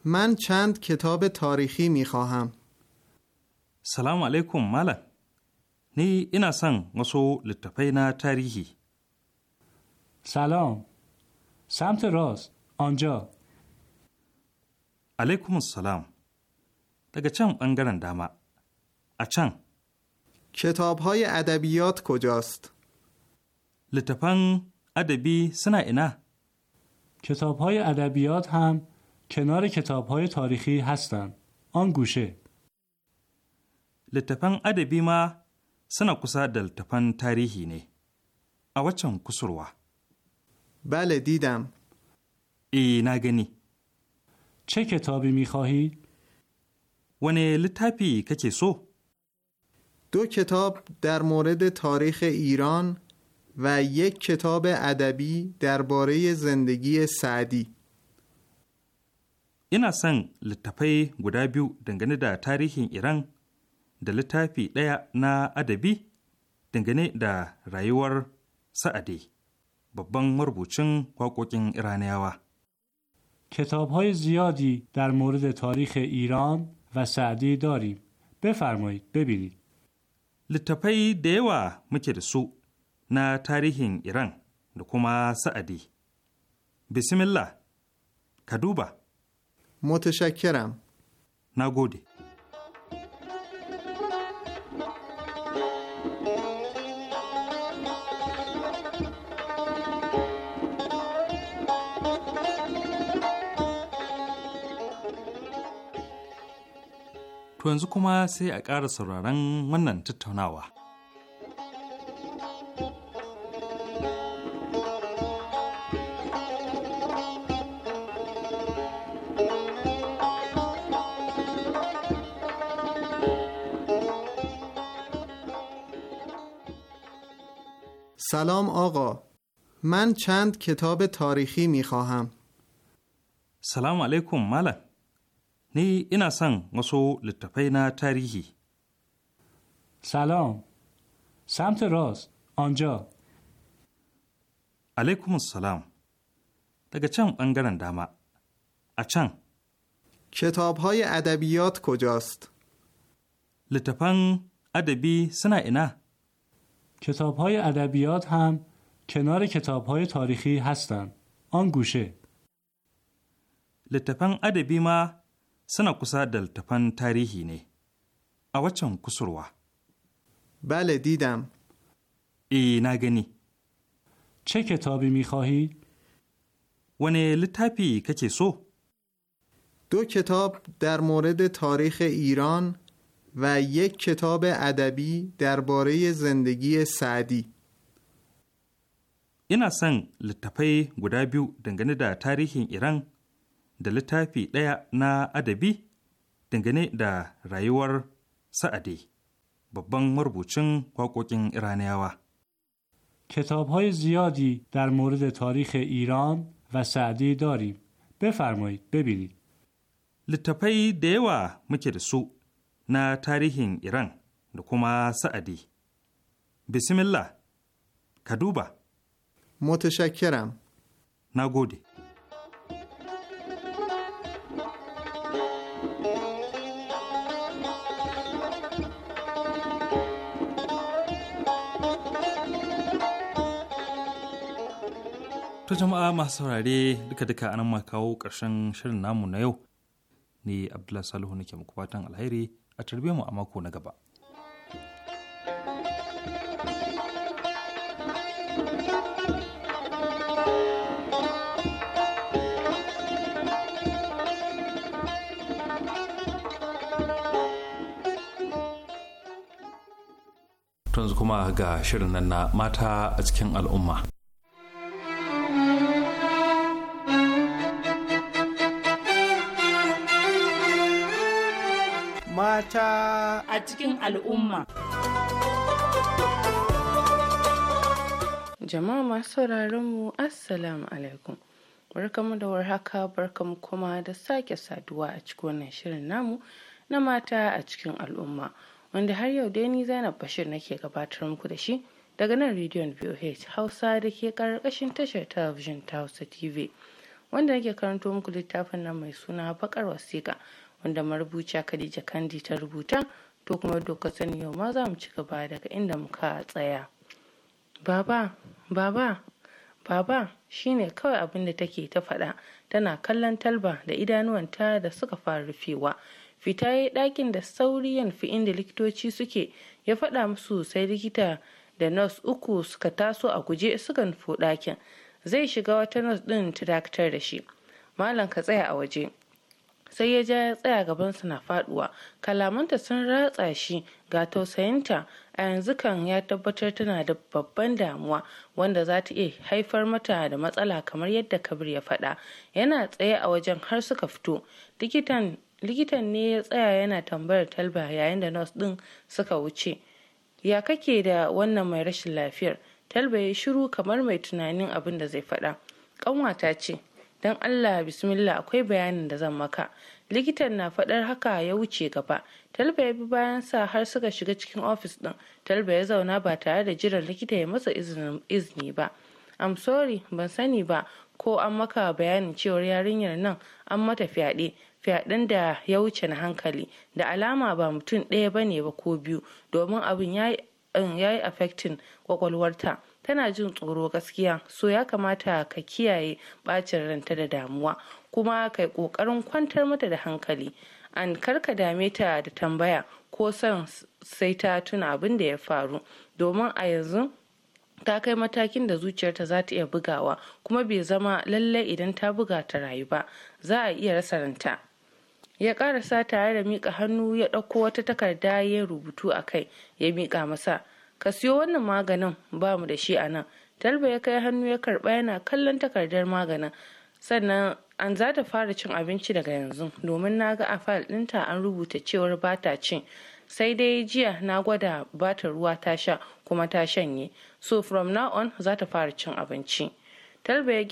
Speaker 4: من چند کتاب تاریخی می خواهم
Speaker 1: سلام علیکم ملک ni ina son wasu
Speaker 11: littattafai na tarihi. Salam, Samt Ross, Anja. Alaikum salam,
Speaker 1: daga can ɓangaren dama, a can. Kitab های ادبیات
Speaker 11: کجاست؟ لطفاً ادبی سنا اینا کتاب های ادبیات هم کنار کتاب های تاریخی هستند آن گوشه لطفاً ادبی ما suna kusa da littafan
Speaker 1: tarihi ne. A waccan kusurwa. Bale didam.
Speaker 11: E, na gani. Ce کتابی می خواهی؟ ونه لطفی که سو؟
Speaker 4: دو کتاب در مورد تاریخ و یک کتاب ادبی درباره زندگی سعدی.
Speaker 1: ina son littafai guda biyu dangane da tarihin Iran da littafi ɗaya na adabi dangane
Speaker 11: da rayuwar sa'adi babban marubucin waƙoƙin iraniyawa کتابهای زیادی در مورد تاریخ da و سعدی داریم. بفرمایید ببینید. littafai da yawa muke
Speaker 1: da su na tarihin Iran da kuma sa'adi.
Speaker 4: Bismillah, ka duba. Motashakkiram. Na gode.
Speaker 1: yanzu kuma sai a ƙara sauraron wannan
Speaker 4: سلام آقا من چند کتاب تاریخی می خواهم
Speaker 1: سلام علیکم ملک ni ina son wasu littafai na tarihi. Salam, Samta Ross, Anja. Alaikum salam, daga can ɓangaren dama, a can. Kitab haya adabiyot
Speaker 11: kojast. Littafan adabi suna ina? Kitab haya adabiyot ham kenar kitab haya tarihi an gushe. Littafan adabi ma suna kusa da littafan tarihi ne. A waccan kusurwa. Bale didam. E, na gani. چه کتابی میخواهی؟ ونه لطفی که سو؟ دو کتاب در مورد تاریخ
Speaker 4: Iran و یک کتاب ادبی درباره زندگی سعدی.
Speaker 1: ina son littafai guda biyu dangane da tarihin Iran da littafi ɗaya na adabi dangane
Speaker 11: da rayuwar sa'adi babban marubucin waƙoƙin iraniyawa کتابهای زیادی در مورد تاریخ ایران و سعدی داریم. بفرمایید ببینید. littafai da yawa muke da
Speaker 1: su na tarihin Iran da kuma sa'adi. Bismillah,
Speaker 4: ka duba. Motashakkiram. Na gode.
Speaker 1: To jama'a masu saurare duka-duka anan ma kawo ƙarshen shirin namu na yau ne Abdullahi Salihu nake muku fatan alheri a tarbe mu a mako na gaba. yanzu kuma ga shirin nan na mata a cikin al'umma.
Speaker 12: ta a cikin al'umma. Jama'a masu sauraron mu Assalamu alaikum. Barkamu da warhaka barkamu kuma da sake saduwa a cikin wannan shirin namu na mata a cikin al'umma wanda har yau dai ni Zainab Bashir nake gabatar muku da shi daga nan rediyon VOH Hausa da ke karkashin tashar talabijin ta Hausa TV wanda nake karanto muku littafin nan mai suna bakar wasiƙa wanda marubuciya Khadija Kandi ta rubuta to kuma doka sani yau ma za mu ci gaba daga inda muka tsaya. Baba, baba, baba shine kawai abin da take ta faɗa tana kallon talba da idanuwanta da suka fara rufewa. Fita ya ɗakin da sauri ya nufi inda likitoci suke ya faɗa musu sai likita da nurse uku suka taso a guje suka nufo ɗakin. Zai shiga wata nurse ɗin ta dakatar da shi. Malam ka tsaya a waje. sai ya ja ya tsaya gabansa na faduwa kalamanta sun ratsa shi ga tausayinta a yanzu kan ya tabbatar tana da babban damuwa wanda za ta iya haifar mata da matsala kamar yadda kabir ya faɗa yana tsaye a wajen har suka fito likitan ne ya tsaya yana tambayar talba yayin da nurse din suka wuce ya kake da wannan mai rashin lafiyar talba ya shiru kamar mai tunanin abin da zai faɗa ƙanwata ce don allah bismillah akwai bayanin da zan maka likitan na faɗar haka ya wuce gaba talba ya bi bayan sa har suka shiga cikin ofis ɗin talba ya zauna ba tare da jiran likita ya masa izini ba i'm sorry ban sani ba ko an maka bayanin cewar yarinyar nan an mata fyaɗe fyaɗen da ya wuce na hankali da alama ba mutum ɗaya ba ne ba ko biyu domin abin ya yi affecting kwakwalwarta tana jin tsoro gaskiya so ya kamata ka kiyaye bacin ranta da damuwa kuma kai kokarin kwantar mata da hankali an karka dame ta da tambaya ko son sai ta tuna abin da ya faru domin a yanzu ta kai matakin da zuciyarta za ta iya bugawa kuma bai zama lallai idan ta buga ta rayu ba za a iya rasa ranta ya karasa tare da miƙa hannu ya ɗauko wata takarda ya rubutu a kai ya miƙa masa ka siyo wannan maganin ba mu da shi a nan talba ya kai hannu ya karba yana kallon takardar maganin sannan an za ta fara cin abinci daga yanzu domin na ga a fal ɗinta an rubuta cewar ba ta cin sai dai jiya na gwada ba ta ruwa ta sha kuma ta shanye so from now on za ta fara cin abinci talba ya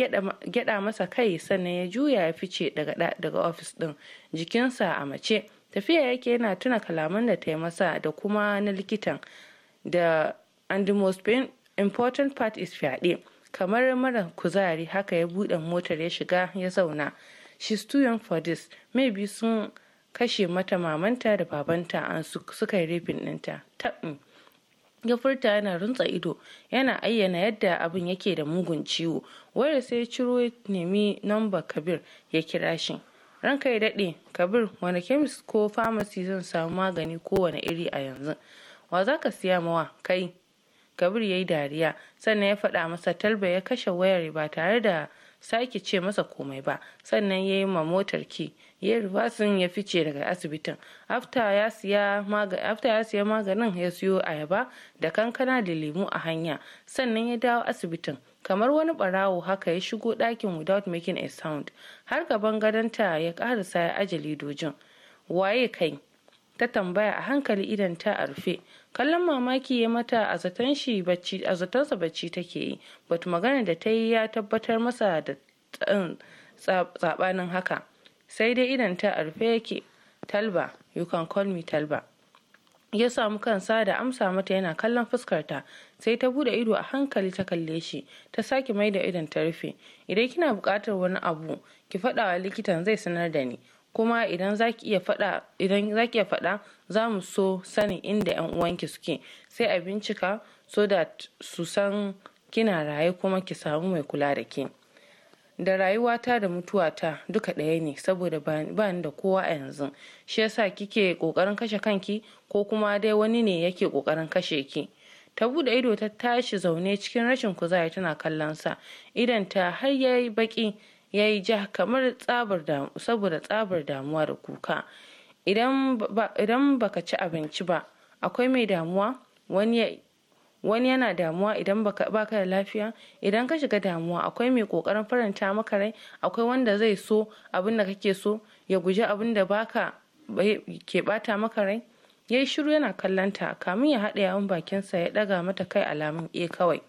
Speaker 12: gyada masa kai sannan ya juya ya fice daga daga ofis din jikinsa a mace tafiya yake yana tuna kalaman da ta yi masa da kuma na likitan da and the most important part is fyaɗe kamar mara kuzari haka ya buɗe motar ya shiga ya zauna she's too young for this maybe sun kashe mata mamanta da babanta an suka yi rifin ɗinta taɓin ya furta yana runtsa ido yana ayyana yadda abin yake da mugun ciwo wanda sai ciro ya nemi namba kabir ya kira shi ranka ya daɗe kabir wani kemis ko famasi zan samu magani kowane iri a yanzu wa za ka siya mawa kai kabir ya yi dariya sannan ya faɗa masa talba ya kashe wayar ba tare da sake ce masa komai ba sannan ya yi ma motar ki ya rufasin ya fice daga asibitin afta ya siya maganin ya siyo ayaba da kankana da lemu a hanya sannan ya dawo asibitin kamar wani barawo haka ya shigo ɗakin without making a sound har gaban gadonta ya ƙarasa ya aje ledojin waye kai ta tambaya a hankali idan ta a rufe kallon mamaki ya mata a zaton sa bacci zatonsa bacci take yi batu magana da ta yi ya tabbatar masa da tsabanin haka sai dai idan ta a rufe yake talba you can call me talba ya samu kansa da amsa mata yana kallon fuskarta sai ta bude ido a hankali ta kalle shi ta sake mai da idon ta rufe idan kina bukatar wani abu ki faɗa wa likitan zai sanar da ni kuma idan za ki iya faɗa idan za mu so sanin inda yan uwanki suke sai a bincika so da su san kina raye kuma ki samu mai kula da ke da rayuwata da mutuwata duka ɗaya ne saboda ba ni da kowa a yanzu shi yasa kike ƙoƙarin kashe kanki ko kuma dai wani ne yake ƙoƙarin kashe ki ta bude ido ta tashi zaune cikin rashin kuzari tana kallon sa idan ta har yayi baki ya yi ja kamar saboda tsabar damuwa da kuka idan baka ci abinci ba akwai mai damuwa wani yana damuwa idan baka da lafiya idan ka shiga damuwa akwai mai kokarin faranta maka rai akwai wanda zai so abin da kake so ya guji abin da baka ke bata maka rai ya yi shiru yana kallanta kamin ya haɗa yawon bakinsa ya ɗaga mata kai alamun e kawai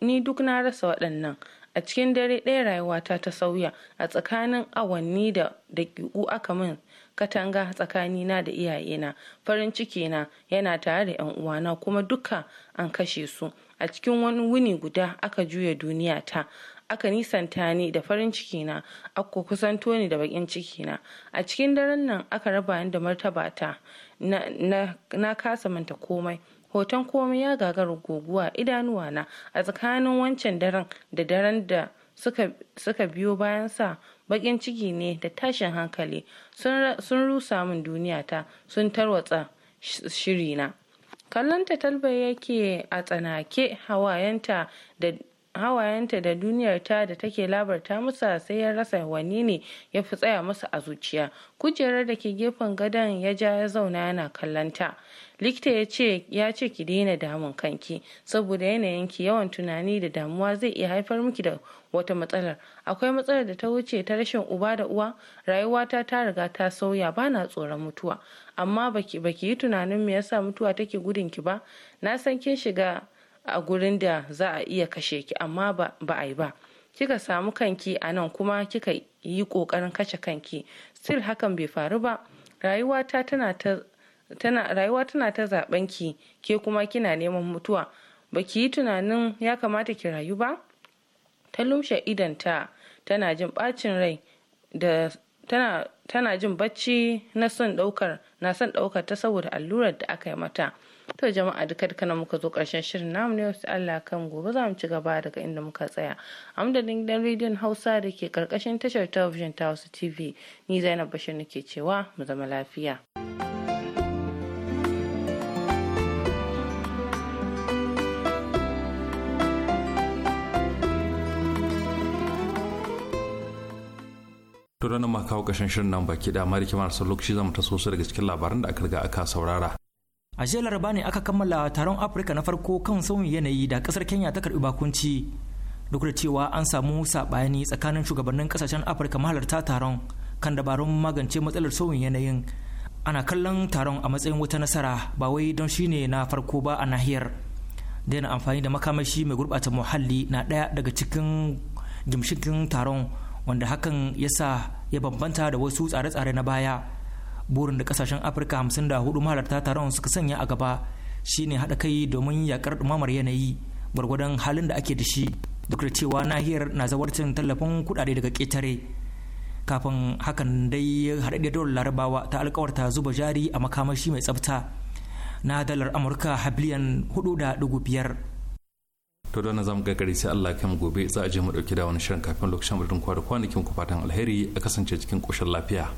Speaker 12: ni duk na rasa waɗannan a cikin dare ɗaya rayuwata ta sauya a tsakanin awanni da daƙiƙu aka min katanga tsakanina da iyayena farin cikina yana tare da 'yan uwana kuma duka an kashe su a cikin wani wuni guda aka juya duniya ta aka nisanta ni da farin cikina aka kusanto ni da bakin cikina a cikin daren nan aka raba ni da martabata na, na kasa manta komai hoton komai ya gagara guguwa idanuwa na a tsakanin wancan daren da daren da suka biyo bayan sa bakin ciki ne da tashin hankali sun rusa min duniyata sun tarwatsa shirina kallonta talba yake a tsanake hawayenta da hawayenta da duniyar ta da take labarta musa sai ya rasa wani ne ya fi tsaya masa a zuciya kujerar da ke gefen gadon ya ja ya zauna yana kallanta likita ya ce ya ce ki daina damun kanki saboda yanayin ki yawan tunani da damuwa zai iya haifar miki da wata matsalar akwai matsalar da ta wuce ta rashin uba da uwa rayuwata ta riga ta sauya bana tsoron mutuwa amma baki baki yi tunanin me yasa mutuwa take gudun ki ba na san kin shiga a gurin da za a iya kashe ki amma ba a yi ba kika samu kanki a nan kuma kika yi kokarin kashe kanki still hakan bai faru ba rayuwa tana ta rayuwa tana ta zaben ki ke kuma kina neman mutuwa ba ki yi tunanin ya kamata ki rayu ba ta lumshe idanta tana jin bacin rai da tana, jin bacci na son daukar na son daukar ta saboda allurar da aka yi mata to jama'a duka duka muka zo karshen shirin namu ne wasu Allah kan gobe za mu ci gaba daga inda muka tsaya amdadin gidan rediyon hausa da ke karkashin tashar talabijin ta wasu tv ni zainab bashir nake cewa mu zama lafiya.
Speaker 1: turanin ranar kashin shirin nan baki da amma da kimar lokaci ta taso su daga cikin labaran da aka riga aka saurara
Speaker 2: a jiya laraba ne aka kammala taron afirka na farko kan sauyin yanayi da kasar kenya ta karbi bakunci duk da cewa an samu saɓani tsakanin shugabannin kasashen afirka mahalarta taron kan dabarun magance matsalar sauyin yanayin ana kallon taron a matsayin wata nasara ba wai don shine na farko ba a nahiyar daina amfani da makamashi mai gurɓata muhalli na ɗaya daga cikin gimshikin taron wanda hakan ya sa ya bambanta da wasu tsare-tsare na baya burin da kasashen afirka hamsin da hudu mahalarta taron suka sanya a gaba shine haɗa kai domin yakar ɗumamar yanayi gwargwadon halin da ake da shi duk da cewa nahiyar na zawarcin tallafin kuɗaɗe daga ketare kafin hakan dai haɗaɗɗiyar dole larabawa ta alkawarta zuba jari a makamashi mai tsafta na dalar amurka biliyan hudu da dugu biyar
Speaker 1: to don zamu gagari sai Allah kai mu gobe za a je mu dauki da wani shirin kafin lokacin mutum kwa da kwanakin ku fatan alheri a kasance cikin koshin lafiya